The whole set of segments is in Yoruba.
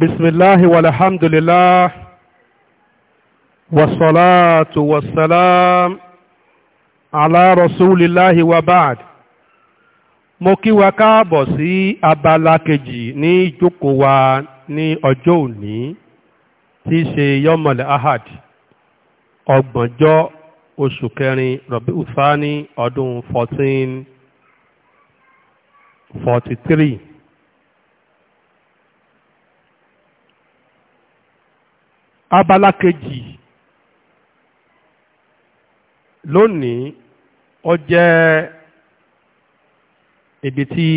بسم الله والحمد لله والصلاة والسلام على رسول الله وبعد mo kí wa káàbọ̀ sí abala kejì ní ìjókòó wa ní ọjọ́ òní tí í ṣe yọmọlẹ̀ ahad ọgbọ̀njọ́ oṣù kẹrin rọ̀bí ùsáni ọdún 1443 abala kejì lónìí ó jẹ́ ibi tí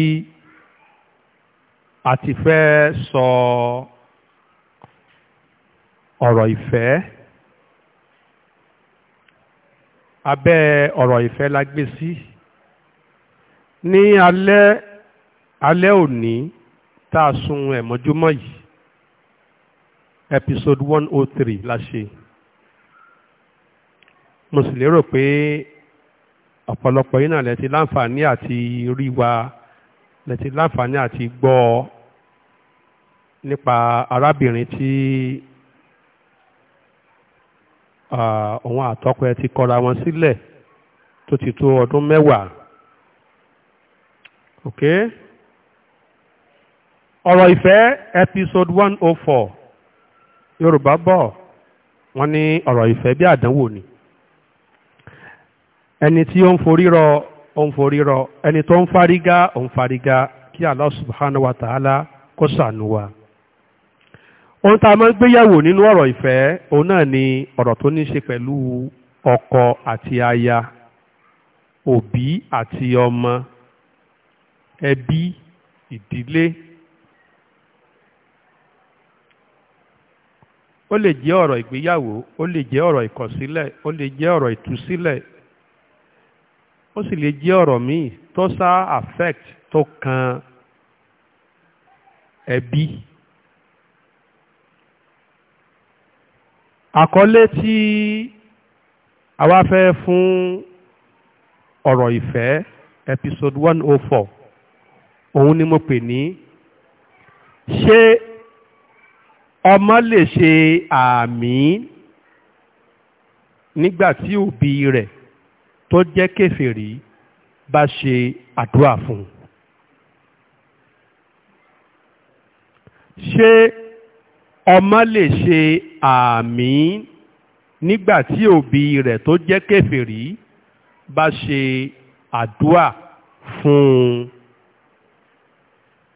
a ti fẹ́ sọ ọ̀rọ̀ ìfẹ́ abẹ́ ọ̀rọ̀ ìfẹ́ la gbé sí ní alẹ́ òní tá a sun ẹ̀mọ́júmọ́ yìí episode one oh three la ṣe mo sì lérò pé ọ̀pọ̀lọpọ̀ yìí náà lẹ ti láǹfààní àti rí wa lẹ ti láǹfààní àti gbọ́ ọ nípa arábìnrin tí òun àtọkọ ẹ̀ ti kọra wọn sílẹ̀ tó ti tó ọdún mẹ́wàá ọ̀rọ̀ ìfẹ́ episode one oh four yorùbá bọ̀ wọ́n ní ọ̀rọ̀ ìfẹ́ bí àdánwò ni ẹni tí ó ń forí ó ń forí ẹni tó ń farigá ó ń farigá kí Allah subhanahu wa ta'ala kó ṣàánú wa ohun tá a máa ń gbéyàwó nínú ọ̀rọ̀ ìfẹ́ òun náà ni ọ̀rọ̀ tó ní ṣe pẹ̀lú ọkọ àti aya òbí àti ọmọ ẹbí ìdílé ó lè jẹ́ ọ̀rọ̀ ìgbéyàwó ó lè jẹ́ ọ̀rọ̀ ìkọ̀sílẹ̀ ó lè jẹ́ ọ̀rọ̀ ìtúsílẹ̀ ó sì lè jẹ́ ọ̀rọ̀ míì tó sá affect tó kan ẹbí. àkọlé tí a wá fẹ́ fún ọ̀rọ̀ ìfẹ́ episode one oh four òun ni mo pè ní ṣé ọmọ lè ṣe àmín nígbà tí òbí rẹ̀ tó jẹ́ kèfèrí bá ṣe àdúrà fún un. ṣé ọmọ lè ṣe àmín nígbà òbí rẹ̀ tó jẹ́ kèfèrí bá ṣe àdúrà fún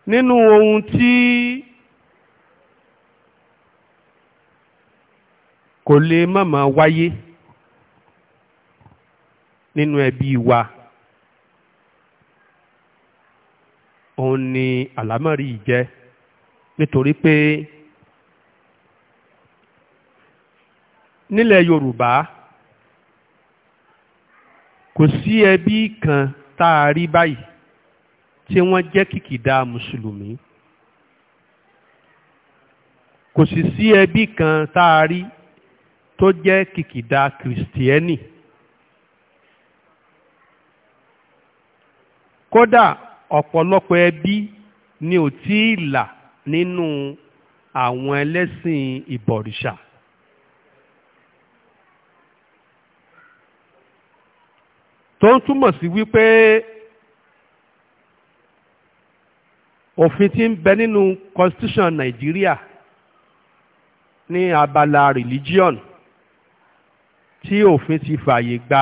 nínú ohun tí kò lè mọ̀mọ́ wáyé nínú ẹbí wa òun ni àlámọ̀rí ìjẹ́ nítorí pé nílẹ̀ Yorùbá kò sí ẹbí kan tá a rí báyìí tí wọ́n jẹ́ kìkìdá mùsùlùmí kò sì sí ẹbí kan tá a rí tó jẹ́ kìkìdá kìrìsìtíẹ́nì kódà ọ̀pọ̀lọpọ̀ ẹbí ni ò tí ì là nínú àwọn ẹlẹ́sìn ìbọ̀rìṣà. tó ń túmọ̀ sí wípé òfin tí ń bẹ nínú constitution Nàìjíríà ní abala religion tí òfin ti fààyè gba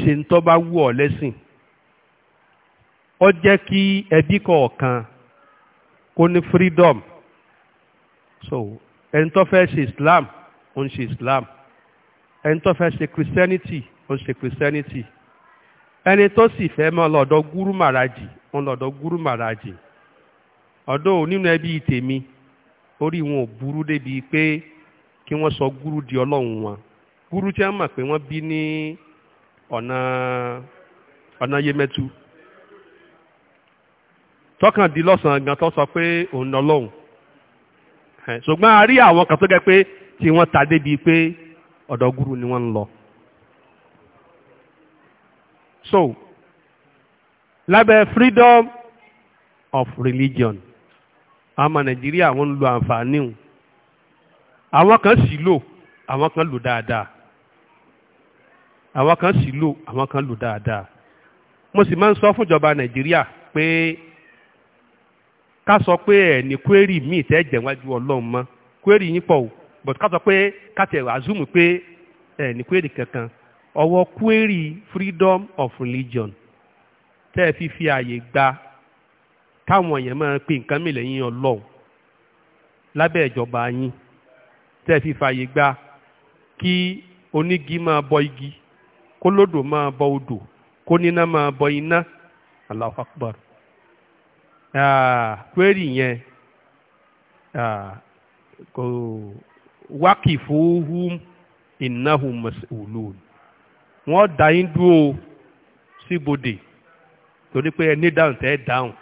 ṣe ń tọ́ bá wù ọ́ lẹ́sìn ó jẹ́ kí ẹbí kọ̀ọ̀kan kó ní freedom so ẹni tó fẹ́ ṣe Islam ó ń ṣe Islam ẹni tó fẹ́ ṣe Christianity ó ń ṣe Christianity ẹni tó sì fẹ́ mọ́ lọ́dọ̀ gúrú màràjì ó ń lọ́dọ̀ gúrú màràjì ọ̀dọ́ nínú ẹbí tèmi orí wọn ò burú débi pé kí wọ́n sọ gúrú di ọlọ́run wọn gúrú tí wọ́n mọ̀ pé wọ́n bí ní ọ̀nà ọ̀nà yemẹtu tọkàndínlọ́sàn gan tó sọ pé òun lọ lọ́hùn ṣùgbọ́n a rí àwọn kan tó gẹ́ pé tí wọ́n ta débi pé ọ̀dọ̀ gúrú ni wọ́n ń lọ. so lábẹ́ freedom of religion àmọ́ nàìjíríà wọ́n ń lo àǹfààní àwọn kan sì lò àwọn kan lò dáadáa àwọn kan sì lò àwọn kan lò dáadáa mo sì máa ń sọ fúnjọba nàìjíríà pé ká sọ pé ẹ kwérì míì tẹ́ jẹ̀ ọlọ́run mọ́ kwérì yín pọ̀ but ká sọ pé ká tẹ̀ àzúmù pé ẹ kwérì kankan ọwọ́ kwérì freedom of religion tẹ́ ẹ fi fi àyè gba káwọn èèyàn máa pe nǹkan mìíràn yín ọlọ́run lábẹ́ ìjọba yín tẹ́ ẹ fi fàyè gba kí onígi máa bọ igi kó ma máa bọ odò kó ma máa bọ iná Allahu Akbar kwérì yẹn kò waqifuhum innahum mas'ulun wọ́n da yín dúró síbodè torí pé ẹni dáhùn tẹ́ dáhùn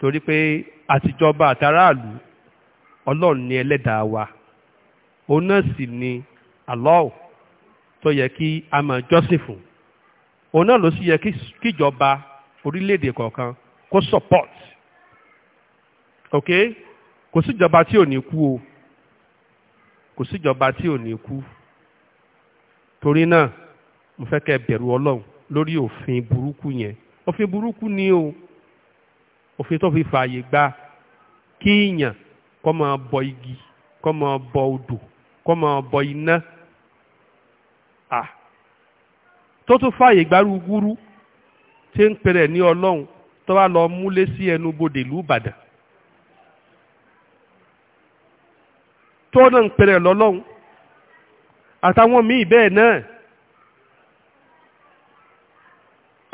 torí pé àtijọba àtàràlù ọlọ́run ni ẹlẹ́dàá wa òun náà sì ni Allah tó yẹ kí a máa jọ́sìn fún òun náà ló sì yẹ kíjọba orílẹ̀-èdè kọ̀ọ̀kan kó support ok kò síjọba tí ò ní kú o kò síjọba tí ò ní kú torí náà mo fẹ́ kẹ́ bẹ̀rù ọlọ́run lórí òfin burúkú yẹn òfin burúkú ni o òfin tó fi fààyè gba kí èèyàn kó máa bọ igi kó máa bọ odò kó máa bọ iná à tó tún fààyè gbárù gúrú tí ń pẹrẹ ní ọlọ́run tó bá lọ múlé sí ẹnu bodè ìlú ìbàdàn tó náà ń pẹrẹ lọ́lọ́run àtàwọn míì bẹ́ẹ̀ náà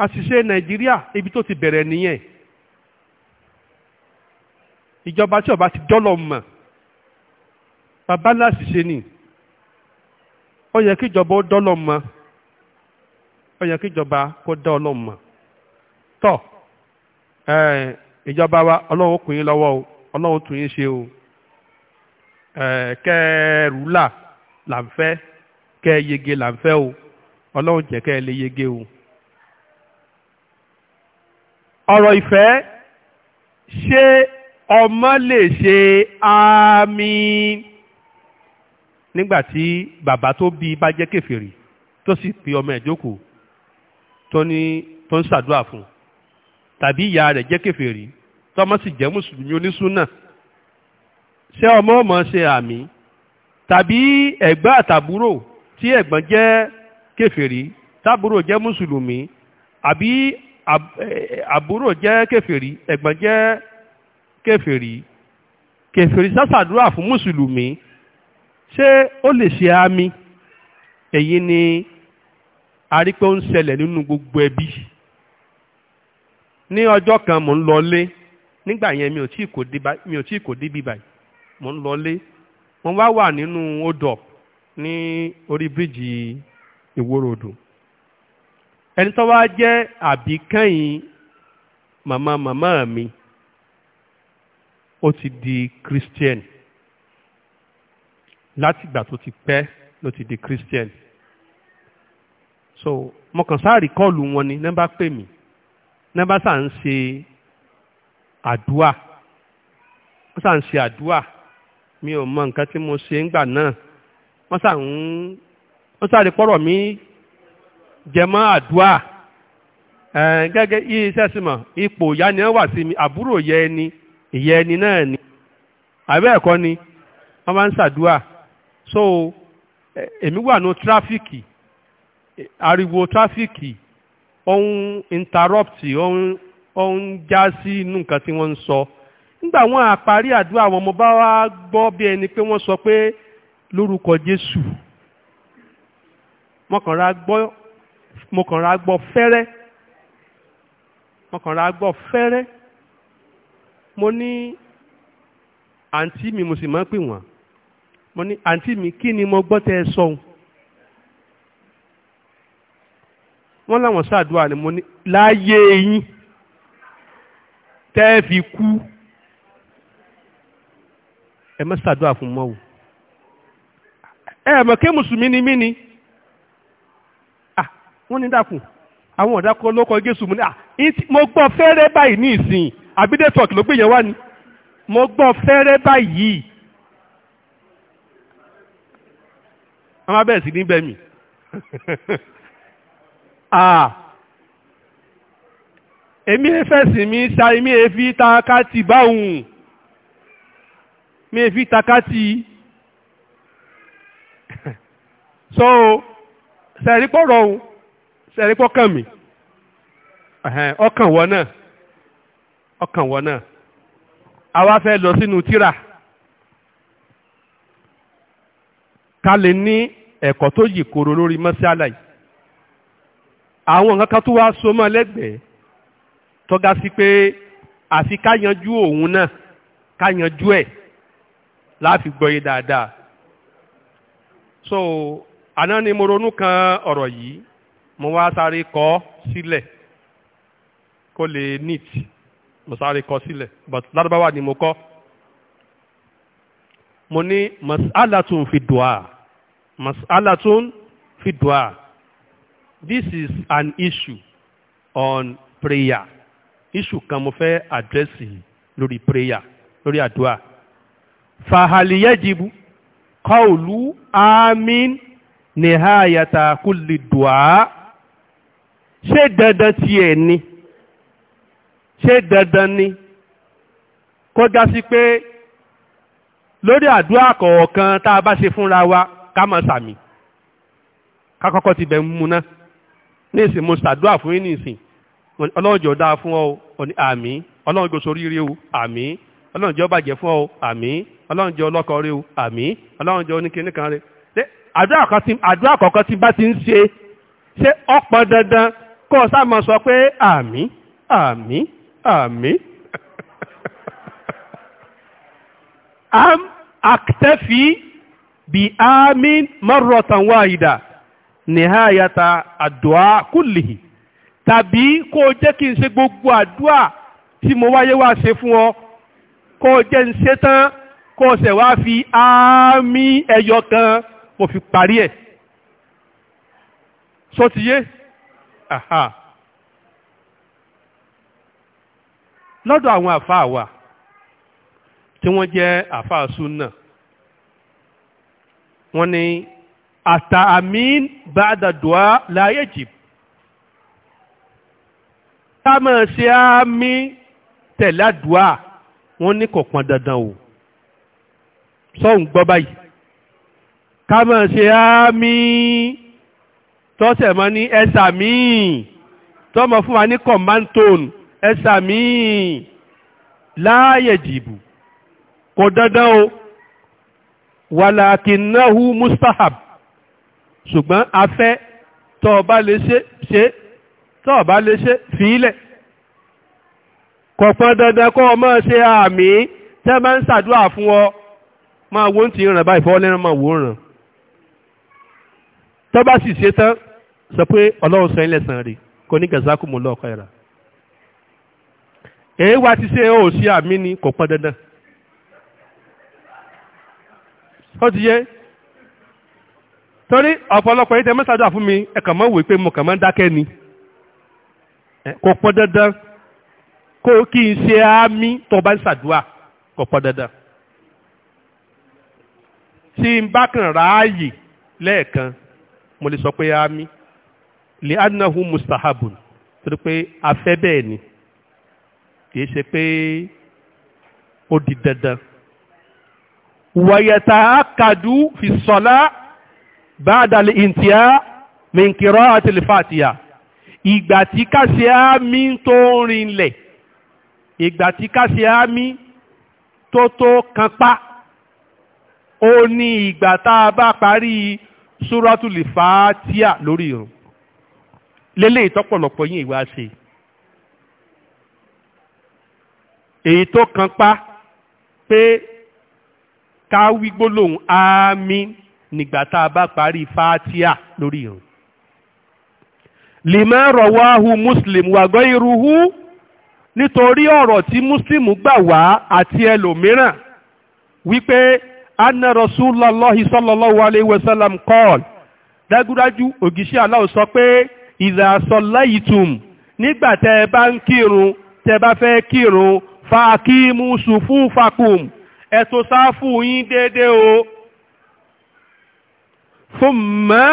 àṣìṣe nàìjíríà ibi tó ti bẹ̀rẹ̀ nìyẹn ìjọba tí ọba ti dọ́lọ̀ mọ̀ babaláṣìṣe nìyẹn. ó yẹ kí ìjọba ó dọ́lọ̀ mọ́ ó yẹ kí ìjọba kó mọ́ tọ́ ìjọba wa ọlọ́run kù yín lọ́wọ́ o ọlọ́run yín ṣe o kẹ́ẹ̀rù là yege là o ọlọ́run jẹ́ kẹ lè yege o. ọ̀rọ̀ ìfẹ́ ṣé ọmọ lè ṣe àmín. nígbà tí bàbá tó bí bá jẹ́ kèfèrí tó sì pe ọmọ ẹ̀ jókòó tó ní tó ń ṣàdúrà fún tàbí ìyá rẹ̀ jẹ́ kèfèrí tọ́mọ sì jẹ́ mùsùlùmí onísúnà ṣé ọmọ ọmọ ṣe àmì tàbí ẹ̀gbọ́n àtàbúrò tí ẹ̀gbọ́n jẹ́ kèfèrí tábúrò jẹ́ mùsùlùmí àbí àbúrò jẹ́ kèfèrí ẹ̀gbọ́n jẹ́ kèfèrí kèfèrí sásàdúrà fún mùsùlùmí ṣé ó lè ṣe ami èyí ni a rí ń ṣẹlẹ̀ nínú gbogbo ẹbí ní ọjọ́ kan mò ń lọlé nígbà yẹn mi ò tí kò dé báyìí mò ń lọlé mo wá wà nínú odò ní orí bíríìjì ìwòròdù ẹni tó wá jẹ́ àbíkẹ́yìn màmá màmá mi ó ti di christian látìgbà tó ti pẹ́ ló ti di christian so mo kàn sáà rìkọ́ọ̀lù wọn ni nọ́mbà pè mí nọ́mbà sáà ń ṣe àdúà wọ́n sáà ń ṣe àdúà mi ò mọ nǹkan tí mo ṣe ńgbà náà wọ́n sáà ń wọ́n sáà rìkọ́ọ̀rọ̀ mi jẹmọ́ àdúà gẹ́gẹ́ yìí sẹ́sìmọ̀ ipò ìyá ni wọ́n wà sí mi àbúrò ìyá ẹni ìyá ẹni náà ni àbẹ́ ẹ̀kọ́ ni wọ́n máa ń ṣàdúà so èmi wà ní tráfíkì ariwo tráfíkì ó ń interrupt ó ń ó ń já sí inú nǹkan tí wọ́n ń sọ nígbà wọn àparí àdúrà àwọn ọmọ bá wá gbọ́ bí ẹni pé wọ́n sọ pé lórúkọ Jésù mo gbọ́ mo gbọ́ fẹ́rẹ́ mo gbọ́ fẹ́rẹ́ mo ní àǹtí mi mo sì máa ń pè wọ́n mo ní àǹtí mi kí ni mo gbọ́ tẹ́ ẹ sọ̀hún wọ́n láwọn ṣàdúrà ni mo ní láyé yín tẹ́ ẹ fi kú ẹ má ṣàdúrà fún mọ́ o ẹ mọ̀ kí mùsùlùmí ni mí ni wọ́n ní dàkùn àwọn ọ̀dà kan ló kọ Jésù ní à mo gbọ́ fẹ́rẹ́ báyìí ní ìsìn àbídẹ́tọ̀kì ló ni mo gbọ́ fẹ́rẹ́ báyìí. a má bẹ̀rẹ̀ sí ní bẹ̀mí ah. èmi fẹ̀sìn mi sa èmi èéfi takátì báwùn mi èéfi takátì so sẹ̀rípọ̀ rọrùn sẹ̀rípọ̀ kàn mí ọkàn wọ náà ọkàn wọ náà a wá fẹ́ lọ sínú tírà. ká lè ní ẹ̀kọ́ tó yè koro lórí mọ́sálà yìí àwọn nǹkan kan tó wá so mọ́ lẹ́gbẹ̀ẹ́ tọ́ga sí pé àfi ká yanjú òun náà ká yanjú ẹ̀ láàfi gbọ́yé dáadáa so àná ni mo ronú kan ọ̀rọ̀ yìí mo wá sáré kọ sílẹ̀ kó lè neat mo sáré kọ sílẹ̀ but lárúbáwá ni mo kọ mo ní masalatun fi dùá. Mas'alatun fi dua. This is an issue on prayer. Issue kan mo fẹ́ address lórí prayer lórí adua. Fàhàlì yẹ́jìbù kọ́ọ̀lù àmín nìháyàtà kulli dua. Ṣé dandan tiẹ̀ ni? Ṣé dandan ni? Kó dá sí pé lórí àdúrà kọ̀ọ̀kan tá a bá ṣe fúnra wa ká máa sàmì ká kọ́kọ́ ti bẹ̀ mú ná ní ìsìn mo ṣàdúrà fún yín ní ìsìn ọlọ́run jọ dáa fún ọ àmì ọlọ́run jọ ṣoríire o àmì ọlọ́run jọ bàjẹ́ fún ọ àmì ọlọ́run jọ ọlọ́kọ rẹ o àmì ọlọ́run jọ oníkíní kan rẹ àdúrà kọ̀ọ̀kan tí bá ti ń ṣe ṣé ọ̀pọ̀ dandan kó o sáà máa sọ pé àmì àmì àmì am aktafi bi amin marratan wahida nihayata àdúà kullihi tàbí kó o jẹ́ kí n ṣe gbogbo àdúà tí mo wáyé wá ṣe fún ọ kó o jẹ́ n ṣe tán kó ṣẹ̀ wá fi àmì ẹyọ kan mo fi parí ẹ̀ sọ ti yé aha lọ́dọ̀ àwọn àfáà wa tí wọ́n jẹ́ àfáà súnà wọ́n ní ata amin ba'da du'a la yajib ká máa ṣe àmì tẹ̀lé àdúà wọ́n ní kò pọn dandan o sọ́hùn gbọ́ báyìí ká máa ṣe àmì tọ́sẹ̀ ní ẹ̀sà míì tọ́mọ fún wa ní command tone míì láàyè jìbù kò dandan o wàlàkìnnáhu mustahab ṣùgbọ́n afẹ́ tọ́ ọ bá lè ṣe ṣe tọ́ ọ bá lè ṣe fìílẹ̀ kò pọn dandan kọ́ ọ máa ṣe àmì tẹ́ bá ń ṣàdúrà fún ọ máa wo ń ti ràn báyìí fọwọ́ lẹ́ràn máa ràn tọ́ sì ṣe tán sọ pé ọlọ́run sọ ilẹ̀ sàn rè kò ní gàzákùmù lọ́ọ̀kọ́ ẹ̀rà èé wá ti ṣe ó ṣe àmì ni kò dandan. ó ti yé torí ọ̀pọ̀lọpọ̀ yìí tẹ mẹ́sàdúrà fún mi ẹ kàn mọ́ wò pé mo kàn mọ́ dákẹ́ ni kò pọ̀ dandan kó kí n ṣe àmì tó bá ń ṣàdúrà kò pọ̀ dandan tí n bá kàn ráàyè lẹ́ẹ̀kan mo lè sọ pé àmì lè anahu mustahabun torí pé afẹ́ bẹ́ẹ̀ ni kì í ṣe pé ó di dandan. ويتأكد في الصلاة بعد الانتهاء من قراءة الفاتحة ìgbà tí kásẹ̀ àmì tó rinlẹ̀ ìgbà tí kásẹ̀ àmì tó tó kanpá ó ní ìgbà tá a bá parí súrọ́tùlì fàátíà lórí irun lélẹ̀ ìtọ́pọ̀lọpọ̀ yín ìwà ṣe èyí tó kanpá pé ká wí gbólóhùn àmín nígbà tá a bá parí fátíà lórí irun lèmọ́ rọ̀wáhu muslim wàgọ́ irúhu nítorí ọ̀rọ̀ tí muslim gbà wá àti ẹlòmíràn wípé anna rasulallah sallallahu alayhi wa sallam kọ́ọ̀l dágúdájú ògìṣẹ́ aláwọ̀ sọ pé ìdàsọ̀láyìtùm nígbà tẹ́ ẹ bá ń kírun tẹ́ bá fẹ́ kírun fàákímù sùfúnfàkùm ẹ̀tò sáfù yín déédéé o thumma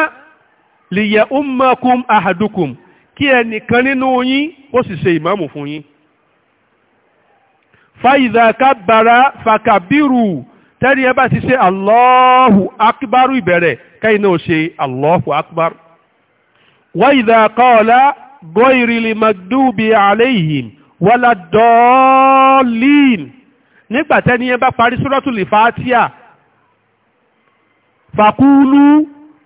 lìyẹ̀ ummakum ahadukum kí ẹnìkan nínú yín ó sì ṣe ìmáàmù fún yín fàyìzà kábàrà fàkàbírù tẹ́ni ẹ bá ti ṣe Allahu akbaru ìbẹ̀rẹ̀ kẹ́yìn náà ṣe Allahu akbaru wàyìzà gọ́ìrìlì magdubi alayhim wàlá dọ́ọ̀lìn nígbà tẹ́ni yẹn bá parí súrọ́tùlì fàátíà fàkúlú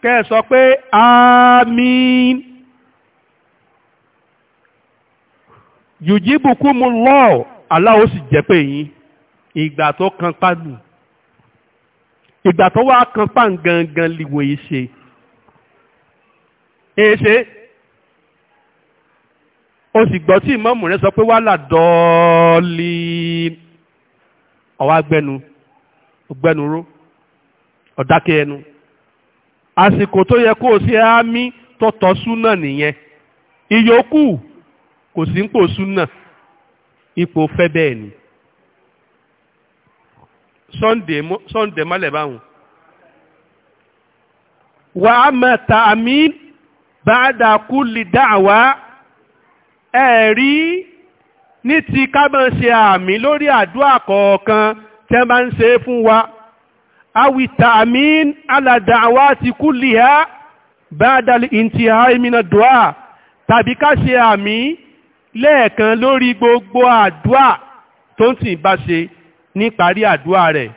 kẹ́ sọ pé àmín yujibukumullahu Allah ó sì jẹ́ pé yín ìgbà tó kan pánù ìgbà tó wá kan pán gangan lìwò ìṣe èṣe ó sì gbọ́ tí ìmọ̀mù rẹ̀ sọ pé wàhálà dọ́ọ̀lì. ọwọ́ agbẹnu ọgbẹnuró ọ̀dákẹ́ ẹnu àsìkò tó yẹ kó o ṣe ámì tọ́tọ́ súnà nìyẹn ìyókù kò sí ń pò súnà ipò fẹ́ bẹ́ẹ̀ ni Sunday mọ́lẹ̀ báwọn wà á mọ̀ àmì bá dàkú lè dá àwa ẹ̀rí. ní ti ká máa ṣe àmì lórí àdúrà kọ̀ọ̀kan tẹ́ máa ń ṣe fún wa awita amin alada awa ti kú lìhá bádàlì ìntìhá ìmìnà dùá tàbí ká ṣe àmì lẹ́ẹ̀kan lórí gbogbo àdúà tó ń tì bá ṣe níparí àdúà rẹ̀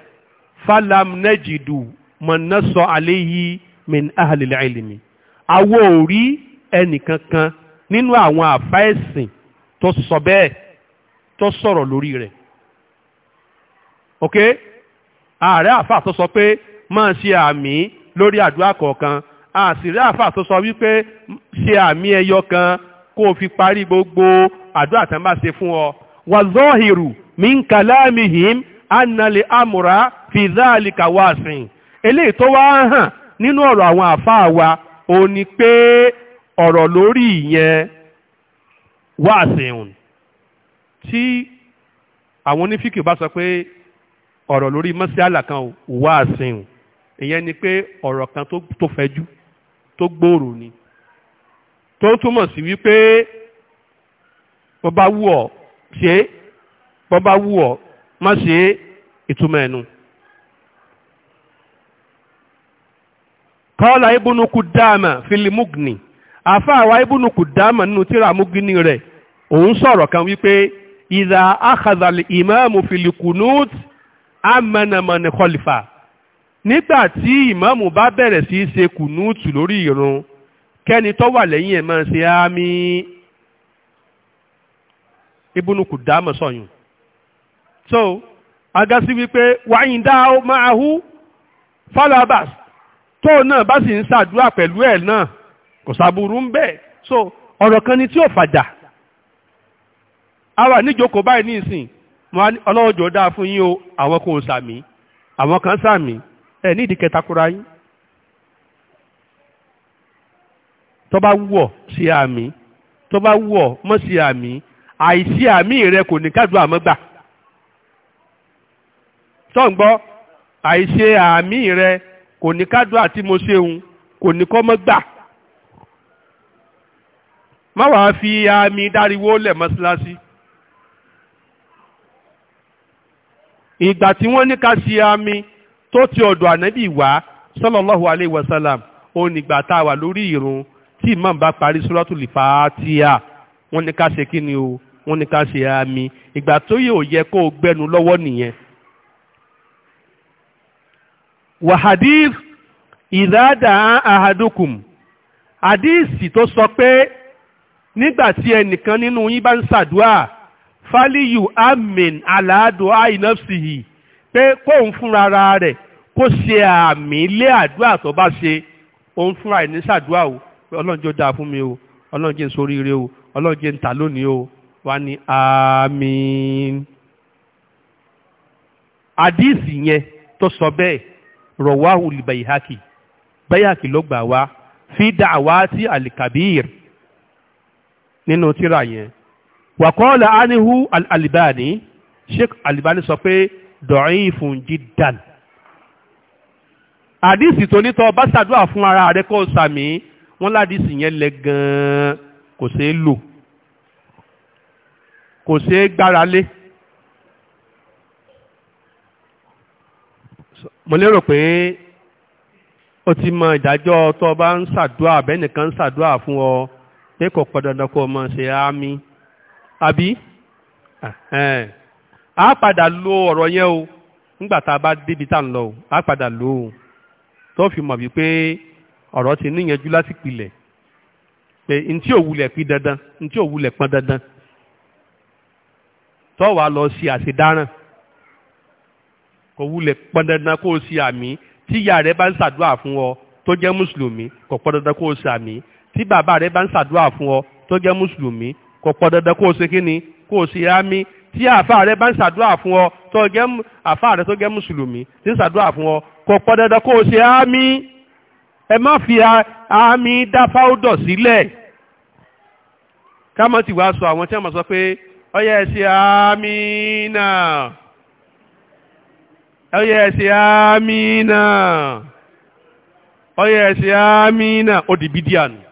falam nejidu mọ̀nàṣọ àléyí min ahlil ilmi àwọn ò ẹnìkankan nínú àwọn àfáẹ̀sìn tó sọ bẹ́ẹ̀ tó sọ̀rọ̀ lórí rẹ̀ ok ààrẹ àfà tó sọ pé máa ṣe àmì lórí àdúrà kọ̀ọ̀kan àṣírí àfà tó sọ wípé ṣe àmì ẹyọ kan kó o fi parí gbogbo àdúrà tán bá ṣe fún ọ. wàzọ́hìrù min kalamihim annali amúra fi dhalika wáṣìn eléyìí tó wá hàn nínú ọ̀rọ̀ àwọn àfà wa ó ní pé ọ̀rọ̀ lórí ìyẹn wáṣìn tí àwọn onífíkì bá sọ pé ọ̀rọ̀ lórí mọ́síálà kan wà àsìn o ìyẹn ni pé ọ̀rọ̀ kan tó fẹjú tó gbòòrò ni tó túmọ̀ sí wípé bó bá wù ọ́ ṣe é bó bá wù ọ́ má ṣe ìtumọ̀ ẹ̀nu. kọ́ọ̀lá ibùnú kùdáàmà fílímùgìnì àfáàwá ibùnú kùdáàmà nínú tíra mùgìnì rẹ̀ òun sọ̀rọ̀ kan wípé ìdá àkàzàlì ìmáàmù fìlìkùnút àmànàmànì kọlìfà nígbà tí ìmáàmù bá bẹ̀rẹ̀ sí í ṣe kùnúùtù lórí ìrun kẹ́ni tó wà lẹ́yìn ẹ̀ máa ṣe àmì ibùnú kù sọ̀yún. so agasi wípé wàyíndá máa hú falabas tó náà bá sì ń ṣàdúrà pẹ̀lú ẹ̀ náà kò sàbùrú ń bẹ̀ so ọ̀rọ̀ kan ni tí ò fàjà àwa níjókòó báyìí ní ìsìn ọlọ́wọ́ jọ dáa fún yín o àwọn kò sàmì àwọn kan sàmì ẹ ní ìdíkẹ́ takura yín tó bá wù ọ́ sí àmì tó bá wù ọ́ mọ́ sí àmì àìsí àmì rẹ kò ní kádùn àmọ́gbà tó ń gbọ́ àìṣe àmì rẹ kò ní kádùn àti mo ṣeun kò ní kọ́ mọ́ gbà má wàá fi àmì dáriwó lẹ̀ mọ́ṣáláṣí. ìgbà tí wọ́n ní ká ṣe àmì tó ti ọ̀dọ̀ ànábì wá sallallahu alayhi wa sallam ó nígbà tá a wà lórí ìrun tí imam bá parí suratul fatiha wọ́n ní ká ṣe kí ni o wọ́n ní ká ṣe àmì ìgbà tó yẹ ò yẹ kó o gbẹnu lọ́wọ́ nìyẹn. wahadif ìdáàdà ahadukum àdíìsì tó sọ pé nígbà tí ẹnìkan nínú yín bá ń ṣàdúrà yu amin aláàdùn àìnàfsìhì pé kóun fúnra ara rẹ̀ kó ṣe àmì lé àdúrà tó bá ṣe òun fúnra ẹ̀ ní sàdúrà o pé mi o ọlọ́run ń o ọlọ́run ń tà lónìí o wá ní àmín. àdíìsì yẹn tó sọ bẹ́ẹ̀ rọ̀wáhù lìbàyíhákì báyàkì ló gbà wá fi alikabir nínú tíra wàkọ́ọ̀lá anihu alibani sheikh alibani sọ pé da'ifun jiddan àdìsí tó nítọ́ bá ṣàdúrà fún ara rẹ kó sàmì wọ́n ládìsí yẹn lẹ gan-an kò ṣeé lò kò ṣeé gbára lé. mo lérò pé ó ti mọ ìdájọ́ tó bá ń ṣàdúrà bẹ́ẹ̀ nìkan ń ṣàdúrà fún ọ pé kò pọ̀ dandan kó o mọ̀ ṣe àmì àbí a padà lo ọ̀rọ̀ yẹn o nígbà tá a bá débi tá à ń lọ o a padà lo o tó fi mọ̀ wípé ọ̀rọ̀ ti níyanjú láti pilẹ̀ pé ntí òwúlẹ̀ pín dandan ntí òwúlẹ̀ pọn dandan tó wàá lọ sí àṣedáràn kò wúlẹ̀ pọn dandan kó o ṣe àmì tí ìyá rẹ bá ń ṣàdúrà fún ọ tó jẹ́ mùsùlùmí kò pọn dandan kó o ṣe àmì tí bàbá rẹ bá ń ṣàdúrà fún ọ tó jẹ́ mùsùlùmí kò pọ̀ dandan kó o ṣe kí ni kó o ṣe ámì tí àfa rẹ bá ń ṣàdúrà fún ọ tó jẹ́ àfa rẹ tó jẹ́ mùsùlùmí tí ń ṣàdúrà fún ọ kò pọ̀ dandan kó o ṣe ámì ẹ má fi ámì dá fáwọ́dọ̀ sílẹ̀ kámọ́ ti wá sọ àwọn tí wọ́n sọ pé ọyẹ ẹ ṣe ámì náà ọyẹ ẹ ṣe ámì náà ọyẹ ẹ ṣe ámì náà ó di bídíà nù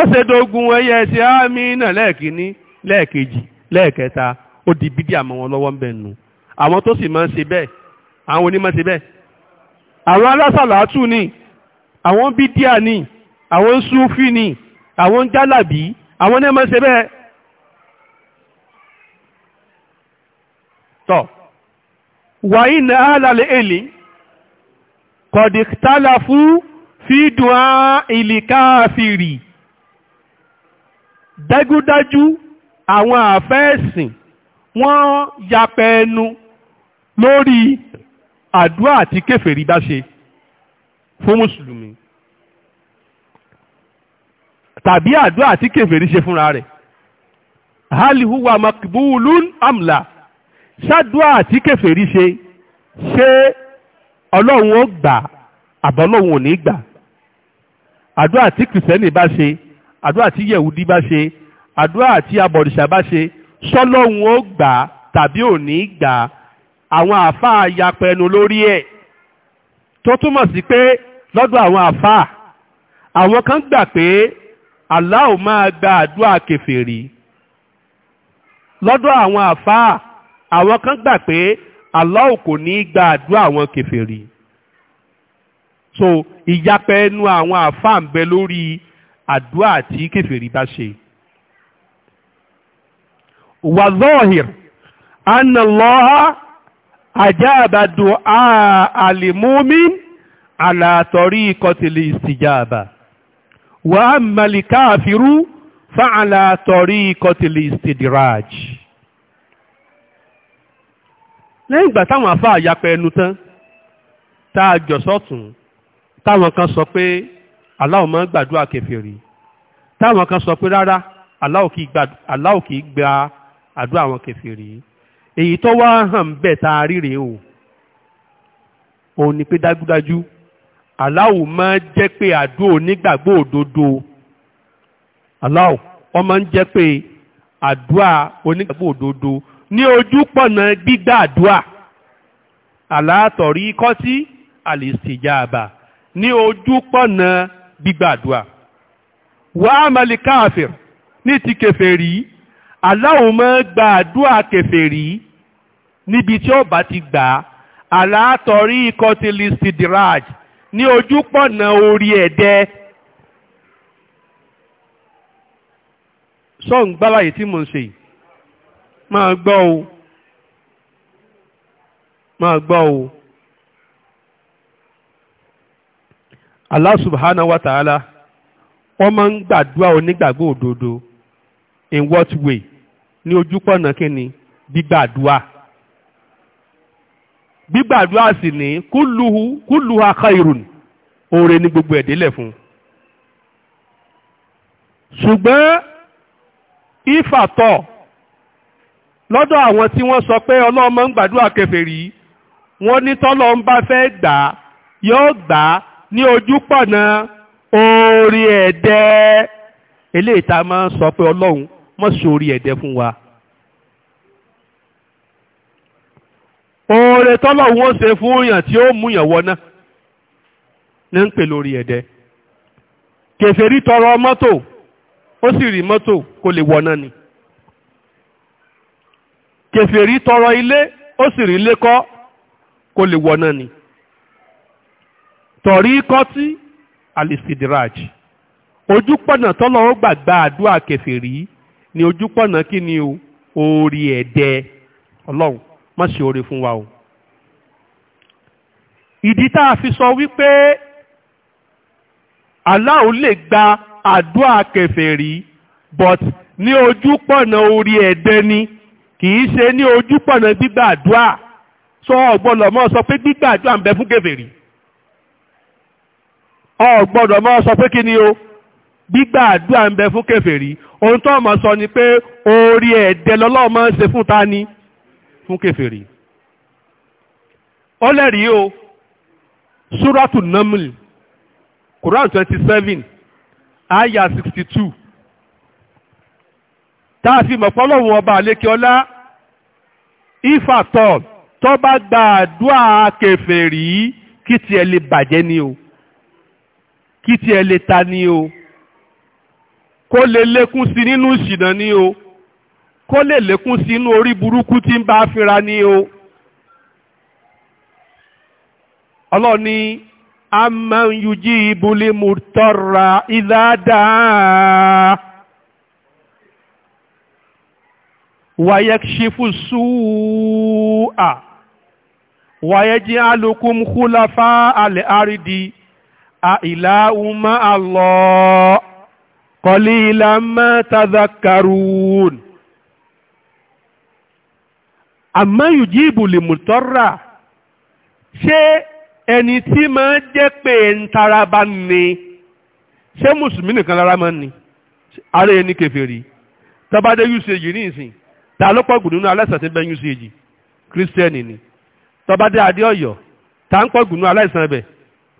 ó ṣèdógún ẹyẹ ẹsẹ̀ àmínà lẹ́ẹ̀kínní lẹ́ẹ̀kejì lẹ́ẹ̀kẹta ó di bídí àmọ́ wọn lọ́wọ́ ń bẹ̀ nù àwọn tó sì máa ń ṣe bẹ́ẹ̀ àwọn onímọ̀ ṣe bẹ́ẹ̀ àwọn alásàlátù ni àwọn bídíà ni àwọn súfì ni àwọn jálàbí àwọn ní ẹmọ́ ṣe bẹ́ẹ̀ tọ́ wà iná alàlẹ́ èlì kọ̀dìtálà fún fídùn ìlìkáàfìrì dájúdájú àwọn àfẹ́ẹ̀sìn wọ́n yapẹ ẹnu lórí àdúrà àti kèfèrí bá ṣe fún mùsùlùmí tàbí àdúrà àti kèfèrí ṣe fúnra rẹ̀ halihuwa makbulun amla ṣàdúrà àti kèfèrí ṣe ṣé ọlọ́run ó gbà àbọ̀lọ́run ò ní gbà àdúrà tí kìrìsẹ́nì bá ṣe àdúrà tí yẹ̀wùdí bá ṣe àdúrà tí abọ̀rìṣà bá ṣe sọ́lọ́hun ó gbà tàbí ò ní gbà àwọn àáfàá yapẹnu lórí ẹ̀ tó túmọ̀ sí pé lọ́dọ̀ àwọn àáfàá àwọn kan gbà pé Allah ó máa gba àdúrà kèfèrí lọ́dọ̀ àwọn àáfàá àwọn kan gbà pé Allah kò ní gba àdúrà àwọn kèfèrí so ìyapẹnu àwọn àáfàá ń bẹ lórí àdúrà tí kèfèrí bá ṣe wà zọ́ọ̀hìr annalọ́ha àjáàbà dùá àlèmúmin àlàtọ̀rí kọtìlì ìsìjáàbà wà màlìkáàfirú fàlàtọ̀rí kọtìlì ìsìdìraj lẹ́yìn ìgbà táwọn àfáà yapẹ̀ ẹnu tán tá a jọ sọ́tún táwọn kan sọ pé Allah máa ń gbàdúrà kèfèrí táwọn kan sọ pé rárá Allah kì í gba àdúrà àwọn kèfèrí èyí tó wá hàn bẹ́ẹ̀ tá a ríre o òun ni pé dájúdájú Allah máa ń jẹ́ pé àdúrà onígbàgbọ́ òdodo Allah wọ́n máa ń jẹ́ pé àdúrà onígbàgbọ́ òdodo ní ojúpọ̀nà gbígbà àdúrà àlàátọ̀rí kọ́sí àlèsìjàbà ní ojúpọ̀nà gbígbàdúà wà á mali káàfìr ní ti kèfèrí aláwọ̀ mọ́ gbàdúà kèfèrí níbi tí ó bá ti gbà aláàtọ̀rí ikọtilistidiraj ní ojúpọ̀nà orí ẹ̀dẹ́ sọ́n gbálàyé tí mo ń ṣe máa gbọ́ o máa gbọ́ o. Allah subhanahu wa ta'ala wọ́n máa ń gbàdúrà onígbàgbọ́ òdodo in what way ní ojúpọ̀nà kíni gbígbàdúrà gbígbàdúrà sì ní kulluhu kulluha khairun oore ní gbogbo ẹ̀dílẹ̀ fún ṣùgbọ́n ìfàtọ̀ lọ́dọ̀ àwọn tí wọ́n sọ pé ọlọ́mọ ń gbàdúrà kèfèrí wọ́n ní tọ́lọ́ ń bá fẹ́ gbà yóò gbà á ní ojúpọ̀nà orí ẹ̀dẹ́ eléyìí tá a máa ń sọ pé ọlọ́run mọ̀ sí orí ẹ̀dẹ́ fún wa. oore tọ́lọ́run fún yàn tí ó mú yàn wọná ní ń pè lórí ẹ̀dẹ́ tọrọ mọ́tò ó sì rí mọ́tò kó lè wọná ni tọrọ ilé ó sì rí ilé kọ́ kó ni. tọ̀rí kọ́tí alistidraj ojúpọ̀nà tọ́lọ́ ó gbàgbà àdúrà kẹfìrí ni ojúpọ̀nà kí ni o orí ẹ̀dẹ́ ọlọ́run má ṣe oore fún wa o. ìdí tá a fi sọ wípé Allah lè gba àdúrà kẹfìrí but ní ojúpọ̀nà orí ẹ̀dẹ́ ni kì í ṣe ní ojúpọ̀nà gbígbà àdúrà sọ ọ̀gbọ́n lọ́mọ́ sọ pé gbígbà àdúrà ń bẹ fún kẹfìrí ọ gbọ́dọ̀ mọ́ sọ pé kí ni o gbígbà àdúrà ń bẹ fún kèfèrí ohun tó mọ̀ sọ ni pé orí ẹ̀dẹ̀ lọ́lọ́ọ̀ máa ń ṣe fún ta ni fún kèfèrí ó lẹ́rìí o súrọ́tù naml Quran twenty seven aya sixty two tá a fi mọ̀ pọ́lọ́hùn ọba àlékè ọlá ifatọ́ tó bá gba àdúrà kèfèrí kí tiẹ̀ lè bàjẹ́ ni o kí tiẹ̀ lè ta ni o kó lè lékún sí nínú ìṣìnà ni o kó lè lékún sí inú orí burúkú tí ń bá fínra ni o ọlọ́ni amáyújí ibùlé mùtọ́ra ìdáadáa wàyẹ̀kṣífù súúà wàyẹ̀jì alùkùn kúláfà alẹ́ àrídìí. àìláhùnmá àlọ́ kọlí ìlàmá tàzákàrún àmá yùjíìbù lè mùtọ́rà ṣé ẹni tí máa jẹ́ pé ń tara bá ní ṣé mùsùlùmí nìkan lára máa ní ara ẹni kèfèrí tọ́bádé usage ní ìsìn ta ló pọ̀ nínú aláìsàn tí ń bẹ́ usage kírísítẹ́nì ni tọ́bádé adé ọ̀yọ́ ta ń pọ̀gù nínú aláìsàn bẹ́ẹ̀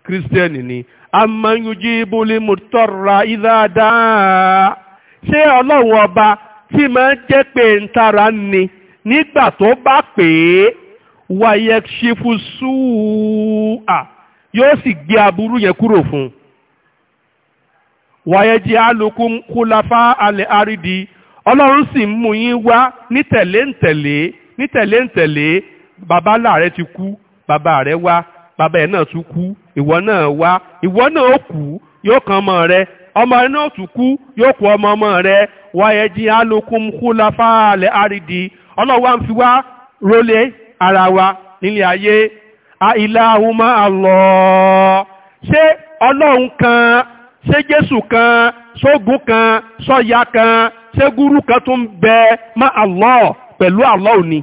kírísítẹ́nì ni amáyújí ibùlé mùtọ́ra ìdáadá ṣé ọlọ́run ọba tí máa ń jẹ́ pé ń tara ni nígbà tó bá pè é wáyé ṣífù súúà yóò sì gbé aburú yẹn kúrò fún un wáyé jẹ́ alukun kúláfá alẹ́ àrídì ọlọ́run sì ń mú yín wá ní tẹ̀léǹtẹ̀lé ní tẹ̀léǹtẹ̀lé bàbá láàrẹ ti kú bàbá rẹ wá bàbá ẹ̀ náà tún kú ìwọ náà wá ìwọ náà ó kú yóò kan ọmọ rẹ ọmọ rẹ náà tún kú yóò kú ọmọ ọmọ rẹ wáyé jí alukun kúlá fáàlẹ̀ àrídì ọlọ́wà ń fi wá rólé ara wa nílé ayé àìláhùnmá àlọ́ ṣé ọlọ́run kan ṣé jésù kan ṣógun kan ṣọ́ya kan ṣé gúrú kan tún bẹ má àlọ́ pẹ̀lú àlọ́ òní